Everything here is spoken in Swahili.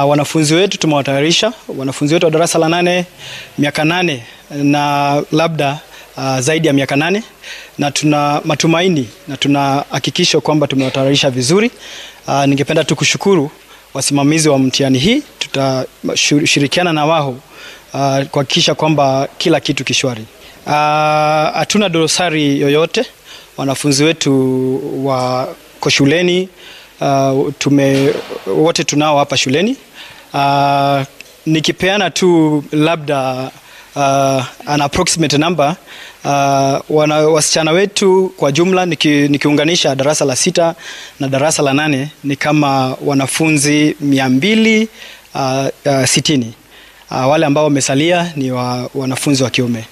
Uh, wanafunzi wetu tumewatayarisha wanafunzi wetu wa darasa la nane miaka nane na labda uh, zaidi ya miaka nane na tuna matumaini na tuna hakikisho kwamba tumewatayarisha vizuri. Uh, ningependa tu kushukuru wasimamizi wa mtihani hii, tutashirikiana na wao uh, kuhakikisha kwamba kila kitu kishwari. Hatuna uh, dosari yoyote. Wanafunzi wetu wako shuleni uh, tume, wote tunao hapa shuleni uh, nikipeana tu labda uh, an approximate number uh, wana, wasichana wetu kwa jumla niki, nikiunganisha darasa la sita na darasa la nane ni kama wanafunzi mia mbili uh, uh, sitini. Uh, wale ambao wamesalia ni wa, wanafunzi wa kiume.